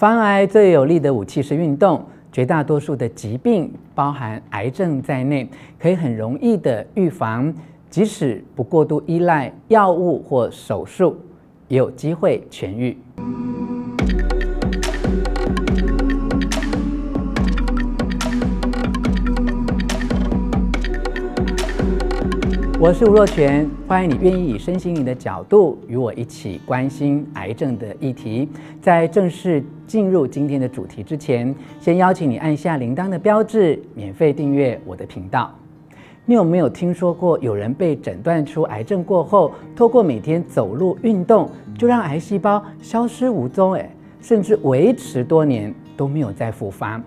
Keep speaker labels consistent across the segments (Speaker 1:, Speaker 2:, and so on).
Speaker 1: 防癌最有力的武器是運動。絕大多數的疾病，包含癌症在內，可以很容易的預防。即使不過度依賴藥物或手術，也有機會痊癒。我是吳若權，歡迎你願意以身心靈的角度與我一起關心癌症的議題。在正式進入今天的主題之前，先邀請你按下鈴鐺的標誌，免費訂閱我的頻道。你有沒有聽說過有人被診斷出癌症過後，透過每天走路運動，就讓癌細胞消失無蹤？誒，甚至維持多年都沒有再復發。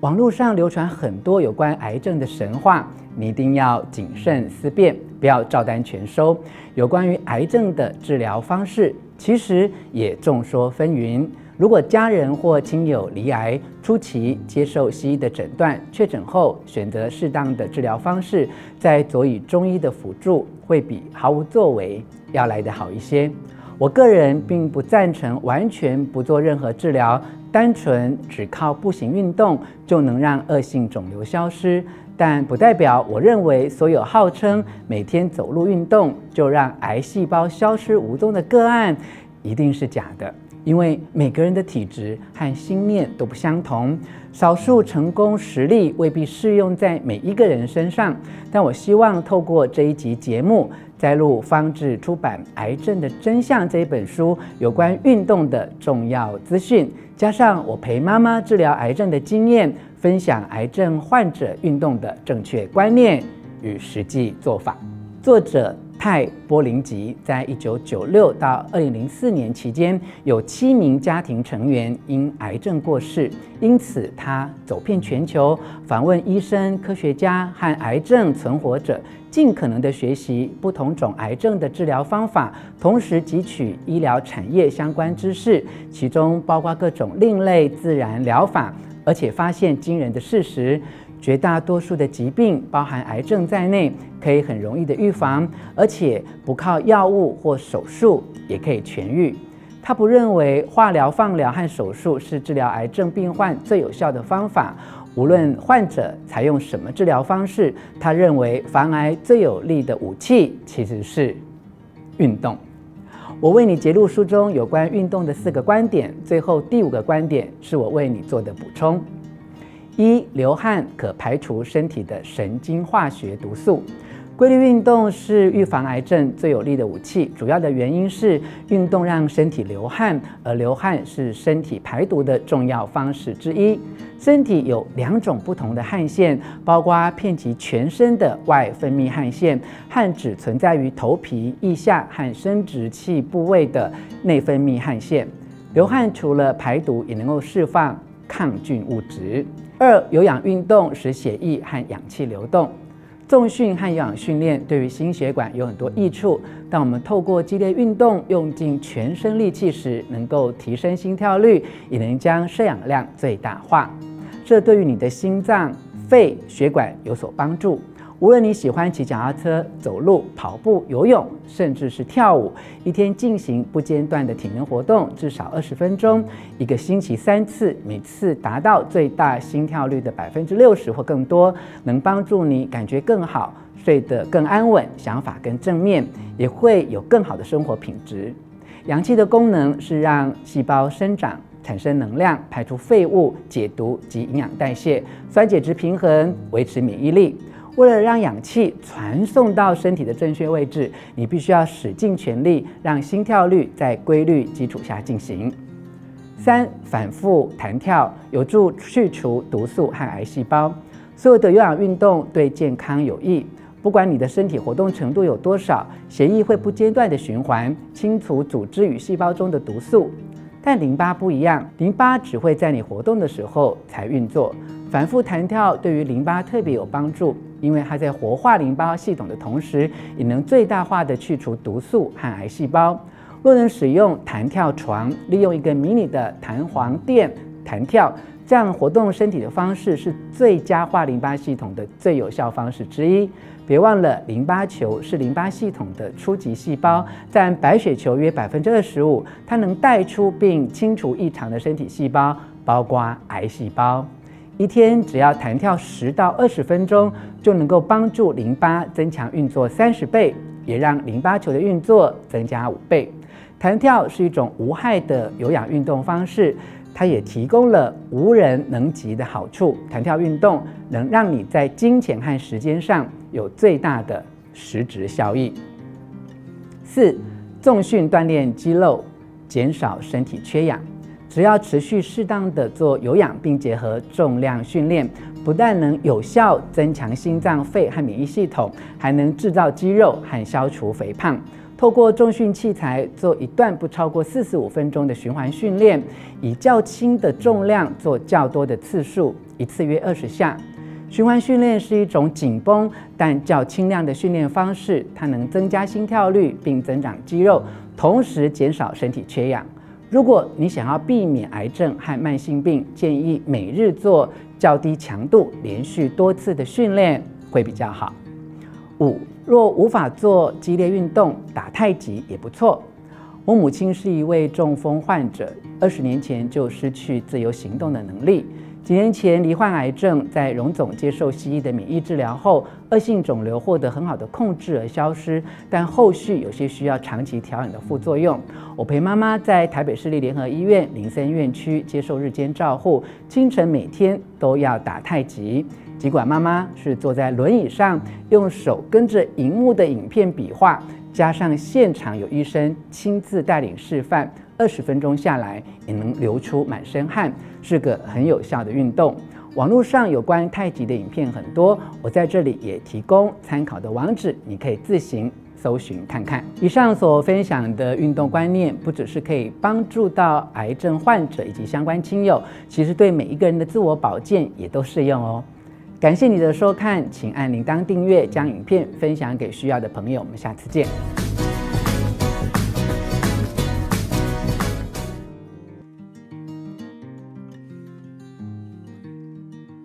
Speaker 1: 網絡上流傳很多有關癌症的神話，你一定要謹慎思辨，不要照單全收。有關於癌症的治療方式，其實也眾說紛紜。如果家人或親友罹癌，初期接受西醫的診斷，確診後，選擇適當的治療方式，再佐以中醫的輔助，會比毫無作為要來得好一些。我個人並不贊成完全不做任何治療。單純只靠步行運動就能讓惡性腫瘤消失，但不代表我認為所有號稱每天走路運動就讓癌細胞消失無蹤的個案一定是假的。因為每個人的體質和心念都不相同，少數成功實例未必適用在每一個人身上。但我希望透過這一集節目，摘錄方志出版《癌症的真相》這一本書有關運動的重要資訊，加上我陪媽媽治療癌症的經驗，分享癌症患者運動的正確觀念與實際做法。作者。泰波林吉在一九九六到二零零四年期間，有七名家庭成員因癌症過世，因此他走遍全球，訪問醫生、科學家和癌症存活者，盡可能的學習不同種癌症的治療方法，同時汲取醫療產業相關知識，其中包括各種另類自然療法，而且發現驚人的事實。絕大多數的疾病，包含癌症在內，可以很容易的預防，而且不靠藥物或手術也可以痊癒。他不認為化療、放療和手術是治療癌症病患最有效的方法。無論患者採用什麼治療方式，他認為防癌最有力的武器其實是運動。我為你節錄書中有關運動的四個觀點，最後第五個觀點是我為你做的補充。一、流汗可排除身體的神經化學毒素，規律運動是預防癌症最有力的武器。主要的原因是運動讓身體流汗，而流汗是身體排毒的重要方式之一。身體有兩種不同的汗腺，包括遍及全身的外分泌汗腺，和只存在於頭皮、腋下和生殖器部位的內分泌汗腺。流汗除了排毒，也能夠釋放抗菌物質。二有氧運動使血液和氧氣流動，重訓和有氧訓練對於心血管有很多益處。當我們透過激烈運動用盡全身力氣時，能夠提升心跳率，也能將攝氧量最大化，這對於你的心臟、肺、血管有所幫助。無論你喜歡騎腳踏車、走路、跑步、游泳，甚至是跳舞，一天進行不間斷的體能活動至少二十分鐘，一個星期三次，每次達到最大心跳率的百分之六十或更多，能幫助你感覺更好，睡得更安穩，想法更正面，也會有更好的生活品質。氧氣的功能是讓細胞生長、產生能量、排出廢物、解毒及營養代謝、酸鹼值平衡、維持免疫力。為了讓氧氣傳送到身體的正確位置，你必須要使盡全力，讓心跳率在規律基礎下進行。三、反覆彈跳有助去除毒素和癌細胞。所有的有氧運動對健康有益，不管你的身體活動程度有多少，血液會不間斷地循環，清除組織與細胞中的毒素。但淋巴不一樣，淋巴只會在你活動的時候才運作。反覆彈跳對於淋巴特別有幫助。因為它在活化淋巴系統的同時，也能最大化的去除毒素和癌細胞。若能使用彈跳床，利用一個迷你的彈簧墊彈跳，這樣活動身體的方式是最佳化淋巴系統的最有效方式之一。別忘了，淋巴球是淋巴系統的初級細胞，占白血球約百分之二十五。它能帶出並清除異常的身體細胞，包括癌細胞。一天只要彈跳十到二十分鐘，就能夠幫助淋巴增強運作三十倍，也讓淋巴球的運作增加五倍。彈跳是一種無害的有氧運動方式，它也提供了無人能及的好處。彈跳運動能讓你在金錢和時間上有最大的實質效益。四，重訓鍛鍊肌肉，減少身體缺氧。只要持續適當的做有氧，並結合重量訓練，不但能有效增強心臟、肺和免疫系統，還能製造肌肉和消除肥胖。透過重訓器材做一段不超過四十五分鐘的循環訓練，以較輕的重量做較多的次數，一次約二十下。循環訓練是一種緊繃但較輕量的訓練方式，它能增加心跳率並增長肌肉，同時減少身體缺氧。如果你想要避免癌症和慢性病，建議每日做較低強度、連續多次的訓練會比較好。五，若無法做激烈運動，打太極也不錯。我母親是一位中風患者，二十年前就失去自由行動的能力。幾年前罹患癌症，在榮總接受西醫的免疫治療後，惡性腫瘤獲得很好的控制而消失，但後續有些需要長期調養的副作用。我陪媽媽在台北市立聯合醫院林森院區接受日間照護，清晨每天都要打太極。儘管媽媽是坐在輪椅上，用手跟着熒幕的影片比劃，加上現場有醫生親自帶領示範，二十分鐘下來也能流出滿身汗。是個很有效的運動。網絡上有關太極的影片很多，我在這裡也提供參考的網址，你可以自行搜尋看看。以上所分享的運動觀念，不只是可以幫助到癌症患者以及相關親友，其實對每一個人的自我保健也都適用哦。感謝你的收看，請按鈴鐺訂閱，將影片分享給需要的朋友。我們下次見。